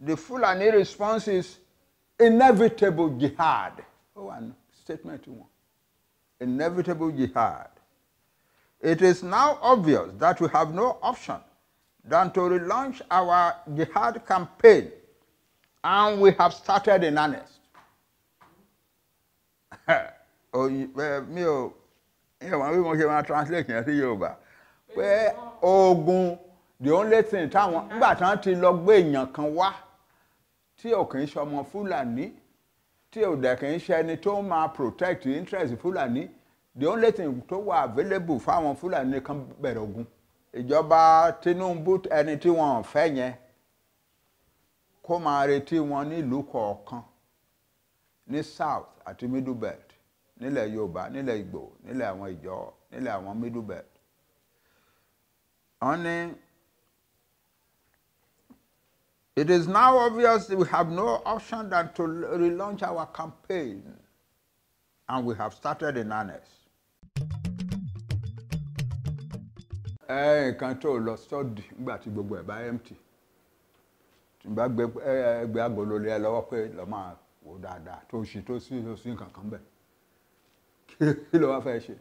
the Fulani response is inevitable jihad. Oh, and statement one. Inevitable jihad. It is now obvious that we have no option than to relaunch our jihad campaign, and we have started in earnest. mi ò ìwọ̀n bí mo ṣe máa translate yẹn sí Yorùbá pé ogun the only thing táwọn nígbà tí wọ́n ti lọ gbé èèyàn kan wá tí ò kì í ṣọmọ fúlàní tí ò dẹ̀ kì í ṣe ẹni tó máa protect interest fúlàní the only thing tó wà available fáwọn fúlàní kan bẹ̀rẹ̀ ogun ìjọba Tinubu ẹni tí wọ́n fẹ́ yẹn kó máa retí wọn nílùú kọ̀ọ̀kan ní south àti middle belt nílẹ̀ Yorùbá nílẹ̀ Ìgbò nílẹ̀ àwọn ìjọ nílẹ̀ àwọn middle belt wọ́n ní. It is now obvious we have no option than to relaunch our campaign, and we have started in earnest. Eh, nǹkan tó lọ sọ́ọ̀dì nígbà tí gbogbo ẹ̀ bá empty tí n bá gbé ẹgbẹ́ agolo lé ẹ lọ́wọ́ pé lọ́ máa wò dáadáa tó ṣì tó sí tó sí nǹkan kan bẹ̀ kí ló wá fẹ́ ṣe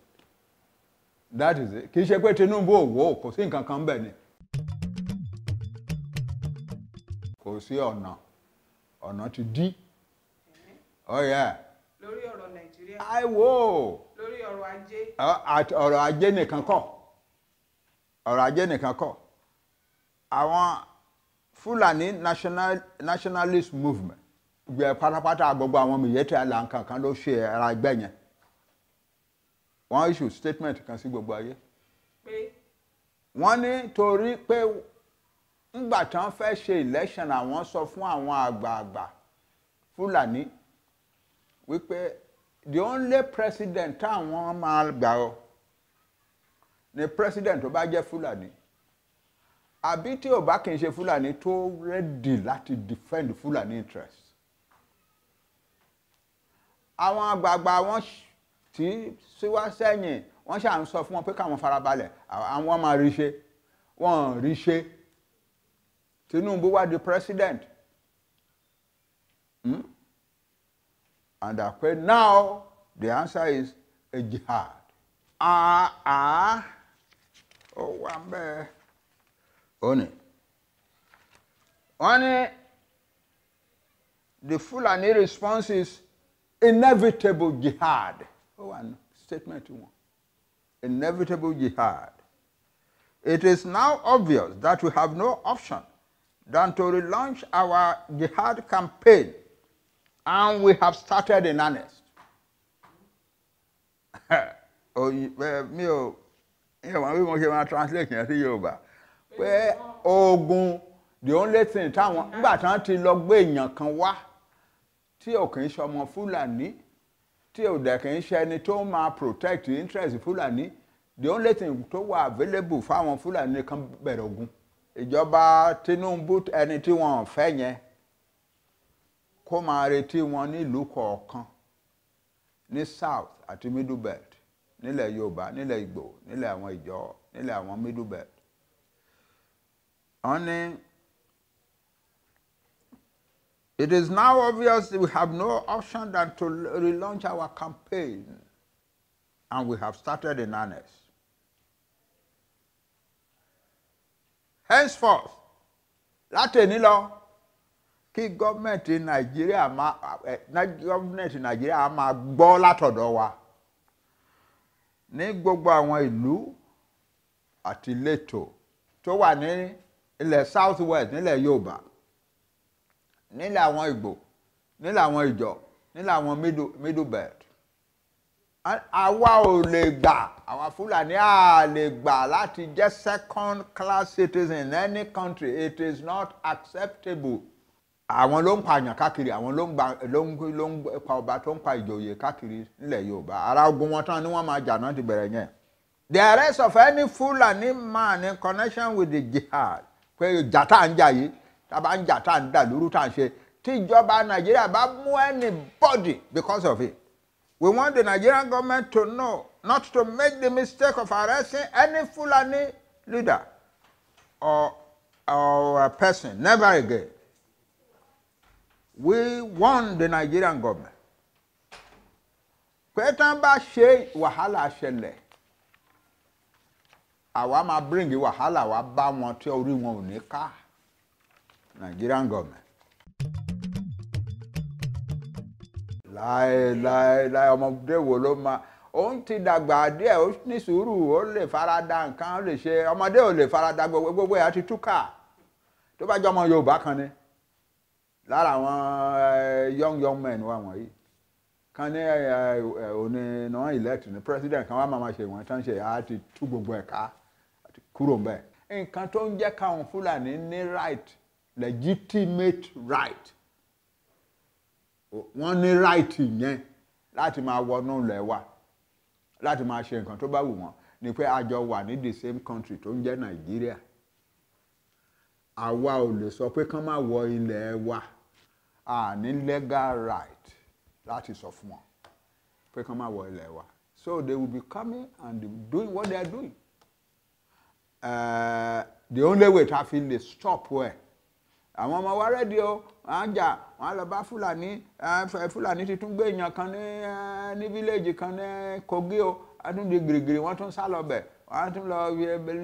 that is it kì í ṣe pé Tinubu ò wò kò sí nǹkan kan bẹ̀ ni sí ọ̀nà ọ̀nà ti dí ọ̀yà. Oh, lórí ọ̀rọ̀ nàìjíríà. àìwò. lórí ọ̀rọ̀ ajé. ọ̀rọ̀ ajé nìkan kọ́ ọ̀rọ̀ ajé nìkan kọ́ àwọn Fulani national nationalist movement gbẹ pátápátá gbogbo àwọn mìyẹ́tì àlàǹkà kan ló ṣe ara ẹgbẹ́ yẹn wọ́n issue statement kan sí gbogbo ayé. pé. wọ́n ní torí pé ńgbà tí wọ́n fẹ́ ṣe election àwọn sọ fún àwọn àgbààgbà fúlàní wípé the only president táwọn máa gbà ọ ni president tó bá jẹ́ fúlàní àbí tí ò bá kì í ṣe fúlàní tó ready láti defend fúlàní interest àwọn àgbààgbà wọn tí síwá sẹ́yìn wọ́n ṣà ń sọ fún wọn pé káwọn farabalẹ̀ àwọn máa rí ṣe wọ́n rí Tinubu was the president. Hmm? And I Now, the answer is a jihad. Ah, ah. Oh, one bear. Oni. Oni, the Fulani response is inevitable jihad. Oh, one statement one. Inevitable jihad. It is now obvious that we have no option than to relaunch our jihad campaign, and we have started in earnest. mi ò mi ò wọn bí mo translate yẹn sí Yorùbá pé ogun the only thing that we tí wọ́n ti lọ gbé èèyàn kan wá tí ò kì í ṣọmọ Fúlàní tí ò dẹ̀ interest Fúlàní the only thing tó wà available fáwọn Fúlàní kan bẹ̀rẹ̀ ogun ìjọba Tinubu ẹni tí wọ́n fẹ́ yẹn kó máa retí wọn nílùú kọ̀ọ̀kan ní south àti middle belt nílẹ̀ Yorùbá nílẹ̀ Ìgbò nílẹ̀ àwọn ìjọ nílẹ̀ àwọn middle belt wọ́n ní. It is now obvious we have no option than to relaunch our campaign, and we have started in earnest. henceforth látẹ̀ní lọ kí gọ́ọ̀mẹ̀ntì nàìjíríà máa gọ́ọ̀mẹ̀ntì nàìjíríà máa gbọ́ látọ̀dọ̀ wa ní gbogbo àwọn ìlú àti ìletò tó wà ní ilẹ̀ south west nílẹ̀ yorùbá nílẹ̀ àwọn ìgbò nílẹ̀ àwọn ìjọ nílẹ̀ àwọn middle, middle belt àwa ò lè gbà àwọn fúlàní à lè gbà láti jẹ́ second class citizen in any country it is not acceptable. àwọn ló ń pààyàn káàkiri àwọn ló ń gba ló ń ló ń pa ọba tó ń pa ìjòyè káàkiri nílẹ̀ yorùbá ara ogun wọn tán ni wọ́n máa jà náà ti bẹ̀rẹ̀ yẹn. the arrest of any fulani man in connection with the jihad pé jata tá à ń jà yìí tábà ń jà tá à ń dà lóru tá à ń ṣe tíjọba nàìjíríà bá mú anybody because of it we want the nigerian government to know not to make the mistake of arresting any Fulani leader or, or a person, never again. We warn the Nigerian government. pé tán bá ṣe wàhálà ṣẹlẹ̀ àwa máa bring wàhálà wá bá wọn tí orí wọn ò ní Nigerian government. Lie lie lie. ọmọdé wo ló máa òun ti dàgbà díẹ̀ ó ní sùúrù ó lè farada nǹkan ó lè ṣe ọmọdé ò lè farada gbogbo ẹ̀ àti túkà tó bá jọmọ Yorùbá kan ni lára àwọn eh, young young men wa wọ̀nyí kan ní eh, eh, òní náà elect ní president kan wà máa ma ṣe ìwọ̀n tán ṣe á ti tú gbogbo ẹ̀ ká àti kúrò ń bẹ̀. nǹkan tó ń jẹ́ káwọn Fúlàní ní right legitimate right wọ́n ní right yẹn láti máa wọnú ilẹ̀ láti máa ṣe nǹkan tó bá wù wọ́n ni pé a wà ní the same country tó ń jẹ́ nàìjíríà àwa ò lè sọ pé kán má wọ ilẹ̀ wa a ní legal right láti sọ fún wọn pé kán má wọ ilẹ̀ wa so they will be coming and doing what they are doing uh, the only way ta fi lè stop where. Well, àwọn ọmọ wa rẹ́dí o wọ́n á jà wọ́n á lọ bá fúlàní fúlàní ti tún gbé èèyàn kan ní ní fíléèjì kan ní Kogi o wọ́n tún di gìrìgìrì wọ́n tún sá lọ bẹ̀ wọ́n tún lọ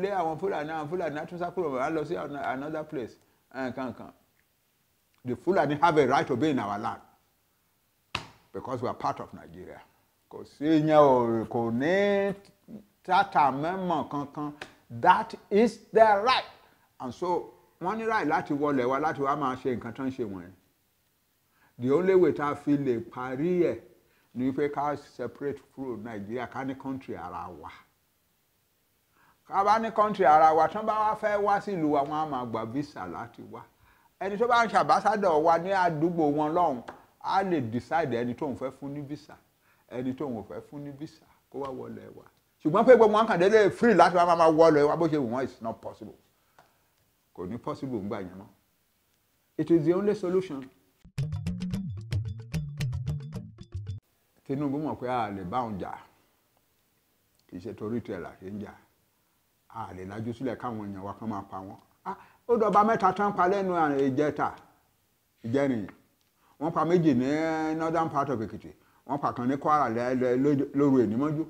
lé àwọn fúlàní àwọn fúlàní á tún sá kúrò wọ́n á lọ sí another place kankan the Fulani have a right to be in our land because we are part of Nigeria. Kò sí ìyẹn o kò ní tata mẹ́mọ̀ kankan that is their right and so wọ́n ní ráì láti wọlé wa láti wá máa ṣe nǹkan tó ń ṣe wọ̀nyẹn the only way tá a fi lè parí ẹ̀ ni pé ká separate kúrò Nigeria ká ní country ara wa ká bá ní country ara wa tán bá wá fẹ́ wá sílùú wa wọ́n á máa gba visa láti wá ẹni tó bá ń ṣàbásádọ̀ wa ní àdúgbò wọn lọ́hùn á lè decide ẹni tóun fẹ́ fún ní visa ẹni tóun ò fẹ́ fún ní visa kó wá wọlé wa ṣùgbọ́n pé gbogbo wọn kàn délé free láti wá máa wọlé wa bó ṣe wù wọ́n it's not possible kò ní possible ń gbà yẹn mọ́ it is the only solution. Tinubu mọ̀ pé a lè bá òun jà kì í ṣe torí tiẹ̀ là ṣe ń jà a lè lajú sílẹ̀ káwọn èèyàn wa kan máa pa wọ́n ó dọ̀ba mẹ́ta tán pa lẹ́nu ìjẹta ìjẹrin wọ́n pa méjì ní northern part of Èkìtì wọ́n pa kan ní Kwara lóru ènìmọ́jú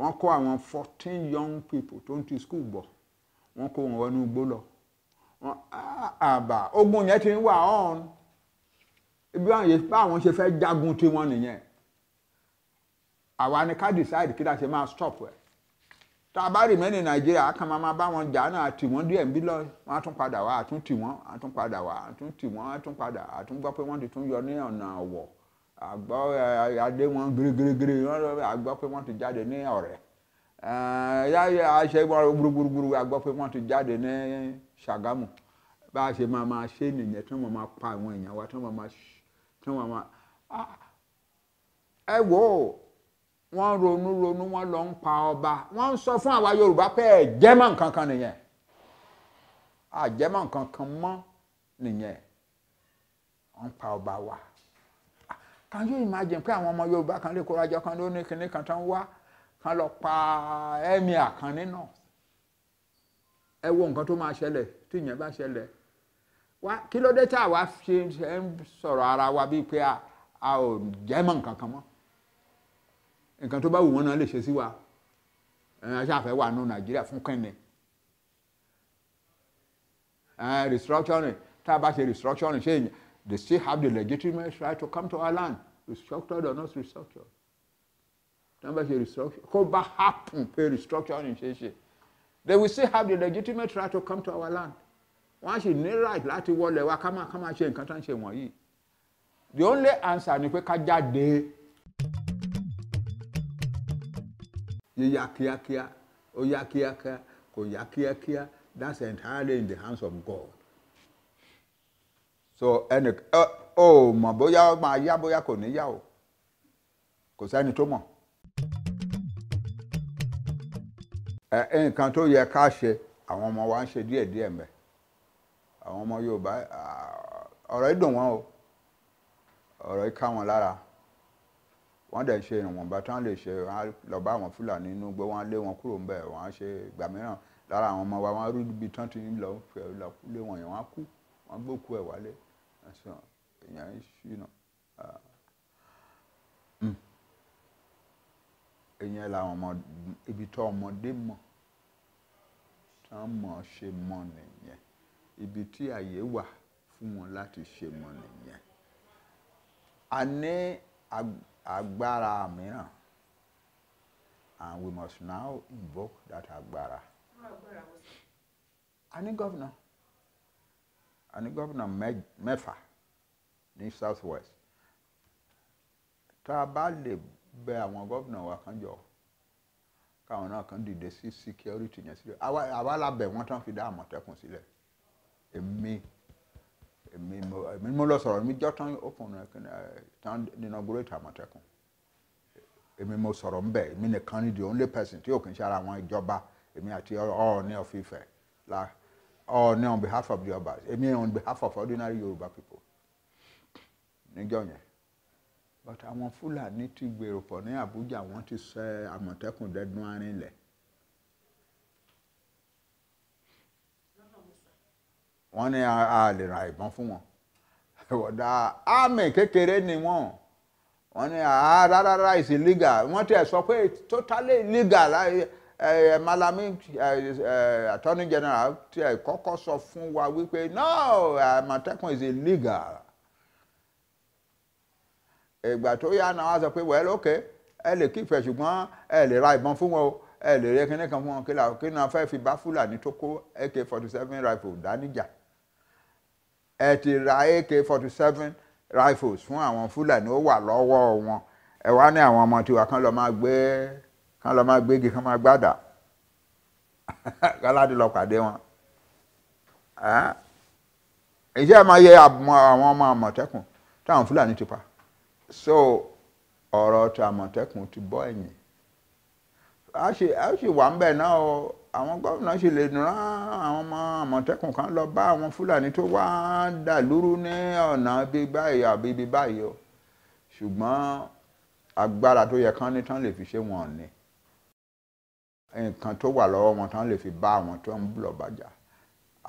wọ́n kó àwọn fourteen young people tó ń ti school bọ̀ wọ́n kó wọn wọnú igbó lọ ah, àbà ogun yẹn ti ń wà ọ̀hún ibi báwọn ṣe fẹ́ jagun tiwọn nìyẹn àwa ni ká decide kí la ṣe máa stop ẹ̀ tá a bá rì mẹ́ni nàìjíríà kan máa bá wọn jà náà tì wọ́n díẹ̀ nbí lọ wọ́n á tún padà wá àtún tì wọ́n àtún padà wá àtún tì wọ́n àtún padà àtún gbọ́ pé wọ́n ti tún yọ ní ọ̀nà ọ̀wọ̀ àgbọ̀ adé wọn gírígírígírí wọ́n lọ àgbọ̀ pé wọ́n ti jáde ní ọ̀rẹ́ àṣẹ gbúrúgbúrú a gbọ́ pé wọ́n ti jáde ní Ṣàgámù bá a ṣe máa máa ṣe nìyẹn tí wọ́n máa pa àwọn èèyàn wa tí wọ́n máa tí wọ́n máa ẹ wò ó wọ́n ronú ronú wọ́n lọ ń pa ọba wọ́n ń sọ fún àwa Yorùbá pé ẹ jẹ́ mọ́ nǹkan kan nìyẹn àjẹmọ́ nǹkan kan mọ́ nìyẹn wọ́n pa ọba wa can you imagine pé àwọn ọmọ Yorùbá kan lè kórajọ kan ló ní kinní kan tán wá kán lọ pa ẹ́mìà kan ní north ẹ wo nǹkan tó máa ṣẹlẹ̀ tí ìyẹn bá ṣẹlẹ̀ wá kí ló dé tá a wá ṣe ń sọ̀rọ̀ ara wa bíi pé a ò jẹ́ mọ̀ nǹkan kan mọ́ nǹkan tó bá wù wọ́n náà lè ṣe sí wa ẹ̀yin aṣáfẹ́ wà nù nàìjíríà fún kẹ́ni restructuring tá a bá ṣe restructuring ṣé they still have the legitimate right to come to our land restructured or not restructured. Number wọ́n bá ṣe restructuring happen pé restructuring ṣe ṣe they will still have the legitimate right to come to our land wọ́n á sì ní right láti wọlé wa ká máa ká máa ṣe nǹkan tó ń ṣe wọ̀nyí the only answer ni pé ká jáde yíyá kíákíá ó yá kíákíá kò yá kíákíá that's entirely in the hands of God so ẹnì ọ ò mọ̀ bóyá ó máa yá bóyá kò ní yá o kò sẹ́ni tó mọ̀. nǹkan tó yẹ ká ṣe àwọn ọmọ wa ń ṣe díẹ̀ díẹ̀ mẹ́ àwọn ọmọ Yorùbá ọ̀rọ̀ yìí dùn wọ́n o ọ̀rọ̀ yìí ká wọn lára wọ́n dẹ̀ ṣe ìwọ̀nba tán lè ṣe wọ́n lọ bá àwọn Fúlàní inú gbọ́ wọ́n lé wọn kúrò ńbẹ̀ wọ́n á ṣe ìgbà mìíràn lára àwọn ọmọ wa wọ́n rú ibi tán ti lọ lé wọn yẹn wọ́n á kú wọ́n gbókú ẹ̀ wálé ẹ̀sán èèyàn ń ṣìnà. ìyẹn làwọn ọmọ ibi tó ọmọdé mọ̀ tán mọ̀ ṣe mọ̀ nìyẹn ibi tí àyè wà fún wọn láti ṣe mọ̀ nìyẹn a ní agbára mìíràn and we must now invoke that agbára. a ní gọ́vnà a ní gọ́vnà mẹ́fà ní south west tá a bá lè bẹ àwọn gómìnà wa kan jọ káwọn náà kan dìde sí security yẹn sílẹ̀ àwa la bẹ̀ wọ́n tán fi dá àmọ̀tẹ́kùn sílẹ̀ èmi èmi mo èmi mo lọ sọ̀rọ̀ mi jọ́ tán open tán inaugurate àmọ̀tẹ́kùn èmi mo sọ̀rọ̀ ń bẹ̀ èmi nìkan ni the only person tí òkè ń ṣe ara wọn ìjọba èmi àti Ọọ̀ni of Ifẹ̀ la Ọọ̀ni on behalf of the Ọba èmi on behalf of ordinary Yorùbá people níjọ́ yẹn but àwọn fúlàní ti gbèrò pọ̀ ní àbújá wọ́n ti sẹ́ àmọ̀tẹ́kùn dẹ́dún arìnlẹ̀. wọ́n ní a lè ra ìbọn fún wọn ẹ̀wọ̀dà àmì kékeré ni wọ́n wọ́n ní ah, rárá is illegal wọ́n ti ẹ̀ sọ pé totally illegal ẹ̀ malami attorney general ti ẹ̀ kọ́kọ́ sọ fún wa wípé no àmọ̀tẹ́kùn is illegal ìgbà tó yá náà wá sọ pé wẹ́ẹ́ lókè ẹ lè kífẹ̀ ṣùgbọ́n ẹ lè ra ìbọn fún wọn o ẹ lè rí ẹkẹ́ni kan fún wọn kí náà fẹ́ fi bá fúlàní tó kó ak forty seven rifle dáníjà ẹ ti ra ak forty seven rifles fún àwọn fúlàní ó wà lọ́wọ́ wọn ẹ wá ní àwọn ọmọ tiwa kán lọ máa gbé kán lọ máa gbégi kán máa gbádà káládì lọ pàdé wọn iṣẹ́ máa yẹ àwọn ọmọ àmọ̀tẹ́kùn táwọn fúlàní ti pa so ọ̀rọ̀ ti àmọ̀tẹ́kùn ti bọ́ ẹ̀yìn a ṣe a ṣe wà ń bẹ̀ náà o àwọn gómìnà ṣe lè rán àwọn ọmọ àmọ̀tẹ́kùn kan lọ bá àwọn fúlàní tó wá dàlúrú ní ọ̀nà bíi báyìí àbí bíi báyìí o ṣùgbọ́n agbára tó yẹ kán ní tán lè fi ṣe wọn ni nǹkan tó wà lọ́wọ́ wọn tán lè fi bá àwọn tó ń lọ bàjá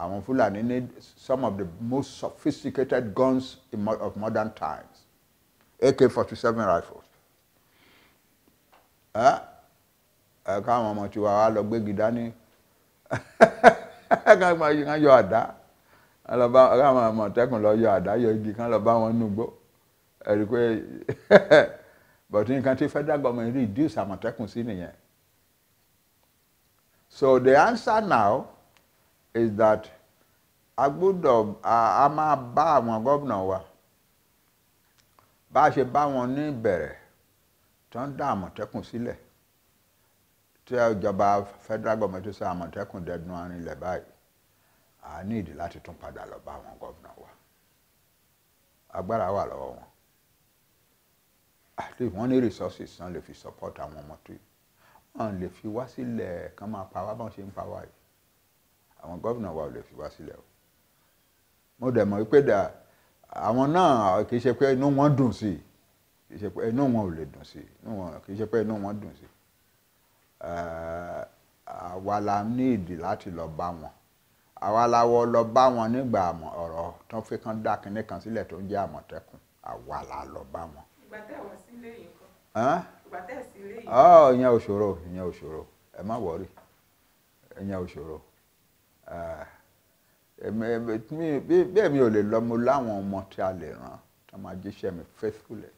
àwọn fúlàní ní some of the most sophisticated guns of modern times AK-47 rifles ẹ káwọn ọmọ tiwa wa lọ gbégi dání kán yọ àdá káwọn ọmọtẹ́kùn lọ yọ àdá yọ igi kán lọ bá wọn núgbó ẹ̀rí pé bọ̀tí nǹkan tí federal government reduce àmọ̀tẹ́kùn sí nìyẹn so the answer now is that a gbọ́dọ̀ a máa bá àwọn gómìnà wa bá a ṣe bá wọn ní ìbẹ̀rẹ̀ tó ń dá àmọ̀tẹ́kùn sílẹ̀ tí ìjọba federal government sọ àmọ̀tẹ́kùn dẹnu arinlẹ̀ báyìí a ní ìdí láti tún padà lọ bá àwọn gómìnà wa agbára wà lọ́wọ́ wọn àti wọ́n ní resources náà lè fi support àwọn ọmọ tó yìí wọ́n lè fi wá sílẹ̀ kán máa pa wá bọ́n ṣe ń pa wá yìí àwọn gómìnà wa ò lè fi wá sílẹ̀ o mo dẹ̀ mọ̀ pé dáa àwọn náà kì í ṣe pé inú wọn dùn sí kì í ṣe pé inú wọn ò lè dùn sí kì í ṣe pé inú wọn dùn sí eh, àwa la ní ìdí láti lọ bá wọn àwa la wọ lọ bá wọn nígbà ọ̀rọ̀ tó fi kan dá kinní kan sílẹ̀ tó ń jẹ́ àmọ̀tẹ́kùn àwa la lọ bá wọn. ìgbà tẹ́ wọ sílé yìí kọ́. ọ oh, ìyẹn ò ṣòro ìyẹn ò ṣòro ẹ má wọrí ìyẹn ò ṣòro. Eh, bẹ́ẹ̀ mi ò lè lọ mo láwọn ọmọ tí a lè ràn tó máa jíṣẹ́ mi faithfully